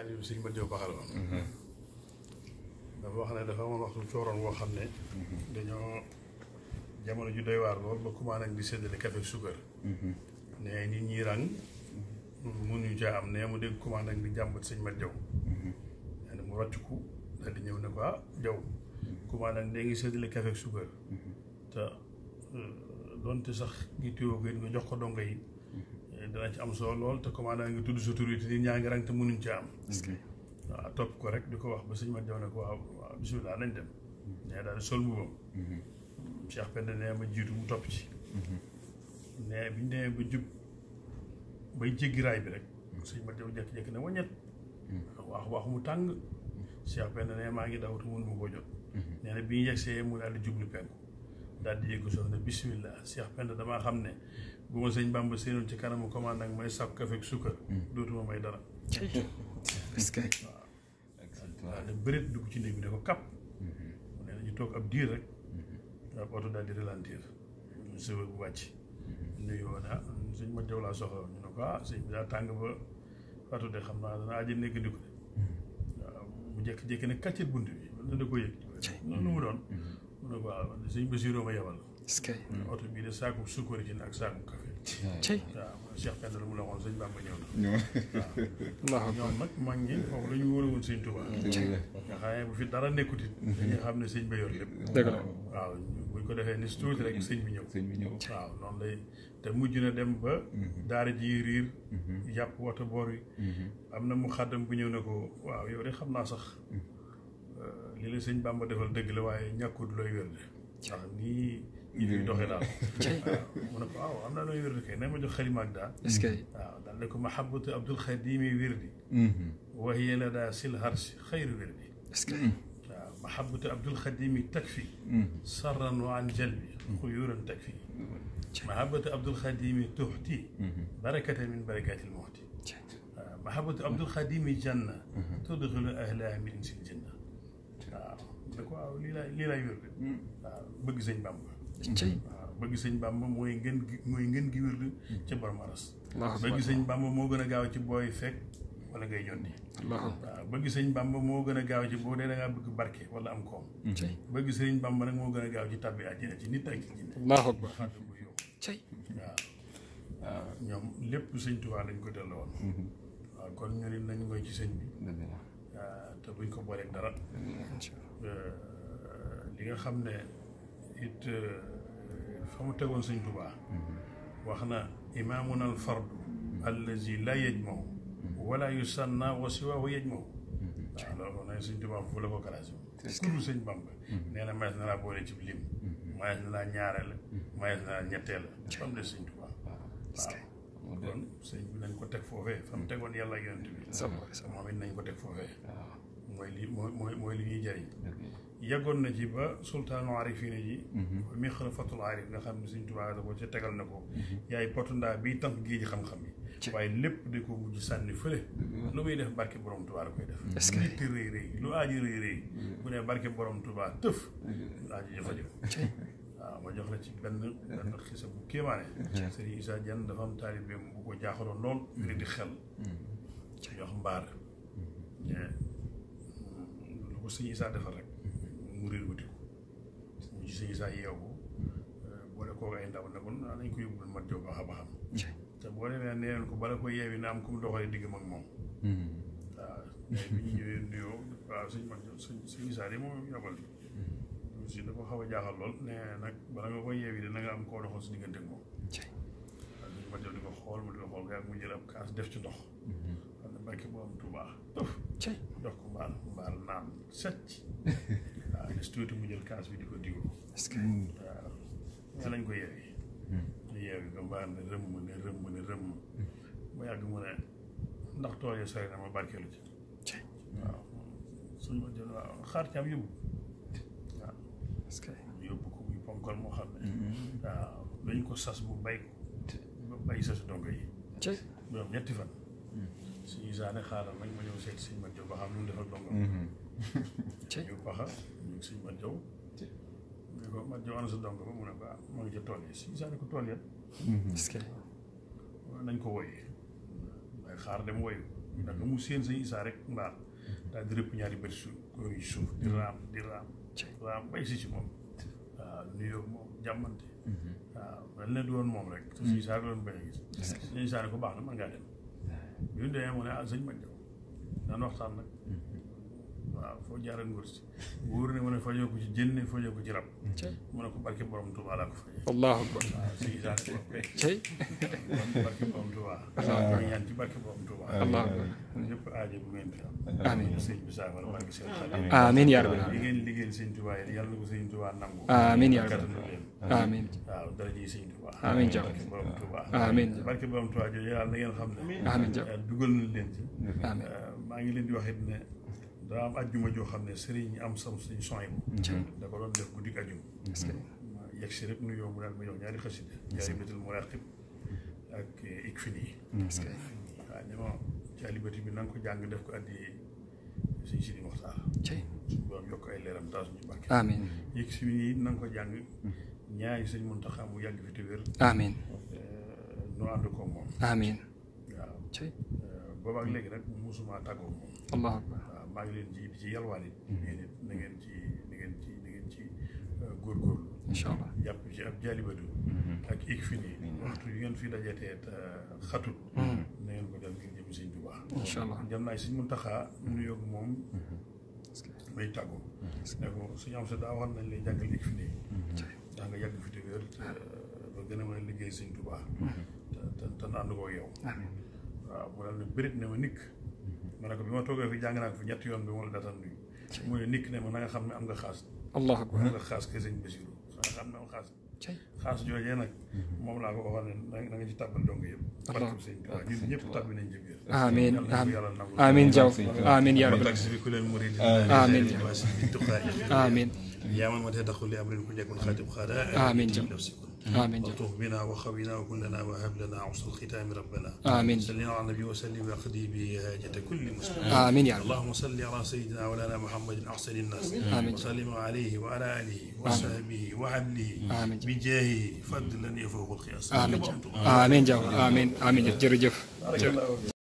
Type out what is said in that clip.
taalibu sëñ Madiaw Baxal la mm-hmm. dafa wax ne dafa wax waxtu cooroon woo xam ne mm-hmm. dañoo jamono ju doy waar lool ba commencé nañ di séddale café suukar mm-hmm. ne nit ñi ràng mënuñu caa am ne mu dégg commencé nañ di jàmbat sëñ Madiaw ne mu rocciku daal di ñëw ne ko ah Jaw commencé nañ léegi séddale café suukar te euh, donte sax gi téyoo ko it nga jox ko dongo yi dana ci am solo lool te commandant ngi tudd sa tur yi te nit ñaa ngi rang te mënuñ ci am waaw topp ko rek di ko wax ba sëñ ma jaw ne ko waaw waaw bisimilah mhm. daal di sol mhm. ma jiitu mu ci mhm. nee biñ demee ba jub bi rek sëñ ma jaw jekk ne wañet waax waax mu tàng Cheikh Penda nee maa ngi daw te mënu ma koo jot nee na bi ñu yegsee mu daal di jublu penku daal di yëgg soxna bisimilah Cheikh Penda damaa xam ne bu ma sëñ Bàmba seenoon ci kanamu commande ak may sàpp kafe ak sukkar hmm. dootuma may dara waaw da bërit dugg ci néeg bi dafa kap hmm. nee na ñu toog ab diir rek hmm. ab oto daal di ralentir sëwër bu wàcc nuyu woon ah, ma jaw soxla ñu ne ko ah sëñ bi daa tàng ba fatu de xam naa dana aji nekk di ko de waaw mu jékki-jékki ne kàccet bunt bi wala da ko yëg noonu lu mu doon mu ne ko waaw ah, sëñ Basiiroo ma yebal est que. Mm. oto bii de saako sukkur ak saako café. cey waaw mooy ñu wóor woon sëñ Tuubaa. Mm. fi dara nekkut it. Mm-hmm. dañuy xam ne sëñ ko defee ni si tuuti rek sëñ bi ñëw. sëñ bi ñëw waaw noonu lay te mujj na dem ba. Mm-hmm. daara ji riir. yàpp mm-hmm. oto boor yi. am na mu xàddam bu ñëw na ko waaw yow de xam naa sax. Euh, li la sëñ Bamba defal dëgg la waaye ñàkkut looy wér de. waaw nii. ñuy doxee daal mu ne ko waaw am naa nooy wirdi kay nañ ma jox xalima ak daal est-ce que waaw daal ne ko mahabatu abdul xadimi wirdi wa hiya lada sil harsi xayru wirdi est-ce que waaw mahabatu abdul xadimi takfi sarran wa an jalbi xuyuran takfi mahabatu abdul xadimi tuxti barakatan min barakati lmuxti waaw mahabatu abdul xadimi janna tudxilu ahlaha min insil janna waaw ne ko waaw lii laa lii laay wirdi waaw bëgg sëñ Bamba Mm-hmm. bëgg sëñ bambu mooy ngeen mooy ngeen gi wérdu ca borom aras bëgg sëñ bàmba moo gën a gaaw ci booy fekk wala ngay jonni waaw bëgg sëñ bàmba moo gën a gaaw ci boo dee da ngaa bëgg barke wala am koom mm-hmm. bëgg sëñ bàmba nag moo gën a gaaw ci tabbi àjjana ci nit ak ci jinne ñoom lépp sëñ Tuubaa lañ ko delloo woon mm-hmm. waaw kon ñu ne nañ ngoy ci sëñ bi te buñ ko booleeg dara li nga xam ne it uh, fa mu tegoon sëñ Tuubaa wax na imaamuna al fardu allazi la yajmaw wala yusanna wa siwaahu yajmaw waaw loolu ko nag sëñ Tuubaa la ko classé kudu sëñ Bamba na maes na boole ci lim maes na laa ñaareel maes na laa ñetteel fam de sëñ Tuubaa waaw kon sëñ bi nañ ko teg foofee fa mu tegoon yàlla ak yonent bi moom it nañ ko teg foofee mooy li mooy mooy li ñuy jëriñ yeggoon na ci ba sultaanu arifina ji mixrafatul mhm. arif nga xam suñ tubaab da ko ca tegal na ko mhm. yaay potundaa biy tànk géej xam-xam yi waaye lépp di ko mujj sànni fële mhm. lu muy def barke borom tubaa def litti rëy rëy lu aaji borom tubaa tëf lu aaji jëfa jëf waaw ma jox la ci benn benn xisa bu kéemaane sëriñ Issa Diagne dafa am taalibeem bu ko jaaxaloon lool nit di xel ñox mbaar eh. suñu saa defal rek mu réer watiku sëñ Issa yeewu ko euh, boole kooku ay ndaw ne ko nañ ko yóbbul mat jow baax a baxam te boo ko bala koy na am ku mu doxalee digg mag moom hmm. waaw bi ñu ñëwee nuyoo waaw sëñ moom yabal si da ko xaw a jaaxal lool ne nag bala nga koy yeewi dina nga am koo doxal si diggante moom waaw sëñ mat di ko xool mu ko xool nga mu jël ab kaas def ci ndox hmm. barke boobu Touba. jox ko mbaal mbaal naan set. waaw des tuuti mu jël kaas ko diw. est-ce que mm. waaw nan mm. lañ ne rëmm ne rëmm ne mm. yàgg mu ne ndax tool yi sori na ma barkeelu ci. waaw suñu ma jël waaw xaar ci yóbbu. waaw que yóbbu ko muy ponkal moo xam ne. Mm-hmm. waaw dañ ko sas bu bay ko. bay sasu dongo yi. ñoom ñetti fan. suñu saane xaaral mañ ma ñëw seet si sëñ Mat Jow ba xam lu mu defal dong mhm. ñu paxa ñu ngi sëñ Mat Jow ba mu ne ko ah ngi ca tool yi suñu saane ko tool ya mhm. nañ ko woyee waaye xaar dem woyu mhm. ndax mu seen sëñ Isaa rek mbaar daal di rëpp ñaari bët suuf suuf di raam di raam raam bay si ci moom waaw nuyoo moom jàmmante waaw mel ne du woon moom rek suñu Isaa doon bañ a suñu Isaa ne ko baax na mën ngaa dem bi mu demee mu ne ah sëñ mag jaw daan waxtaan nag waaw foo jaara nguur si nguur ne mu ne fajoo ko ci jën ne fajoo ko ko barke borom Tuubaa laa ko fajee allahu akbar waaw si isaan tey barke borom Tuubaa waaw ñaan ci barke borom Tuubaa allahu akbar ñëpp aajo bu ngeen fi am amiin sëñ bi saafara barke seen xale amiin yaa rabbi li ngeen liggéeyal sëñ Tuubaa yàlla na amiin jàpp borom Tuuba amiin barke borom Tuuba jooju na ngeen xam ne dugal na leen ci euh, maa ngi leen di wax it ne daa am ajjuma joo xam ne sëriñ am sam suñu sony da ko doon def guddi ajjuma yegg si rek nuyoo mu daal ma ak ikfini yi hmm, bi na ko jàng def ko addi suñ si di waxtaan suñ borom yokk ay leeram taas ñu barke amiin yëg si bi na ko jàng hmm. ñaari sëñ Muntaxa mu yàgg fi te wér. amiin nu ànd ko moom. amiin euh, boobaak léegi nag musuma tàggoo moom. allah maa ngi leen ci di ci yalwaan it. Mm-hmm. yéen it ngeen ci na ngeen ci na ngeen ci euh, góorgóorlu. incha allah jàpp ci ab jaalibatu mm-hmm. ak ik nii mm-hmm. waxtu yu ngeen fi dajeetee euh, xatul. na ngeen ko def ngir jëm sëñ Tuubaa. incha allah jëm naa sëñ Muntaxa moom. may tàggoo. ne ko suñu am sa daa nañ lay jàngal ik nga yàgg fi te wér ba gën a mën a liggéey sëñ Tuubaa te te ànd koo yow waaw mu ne bërit ne ma nikk ma ne ko bi ma toogee fi jàng naa ko fi ñetti yoon bi la nuyu mu ne nikk ne ma na nga xam ne am nga xaas allah akbar nga xaas ke sëñ Basiru na nga xam ne am xaas xaas joojee nag moom laa ko waxoon ne na nga ci dong yëpp barke sëñ ñun ñëpp nañ amin amin jaw amin yaa rabbi amin يا من مدد كل امر يكون خاتم خلاء امين امين وطوف بنا وخوينا وكلنا وهب لنا عسر الختام ربنا امين صلى على النبي وسلم واقضي به حاجه كل مسلم امين يا رب اللهم صل على سيدنا مولانا محمد احسن الناس امين وسلم عليه وعلى اله وصحبه وعله امين بجاهه فضلا يفوق القياس امين امين امين امين جرجف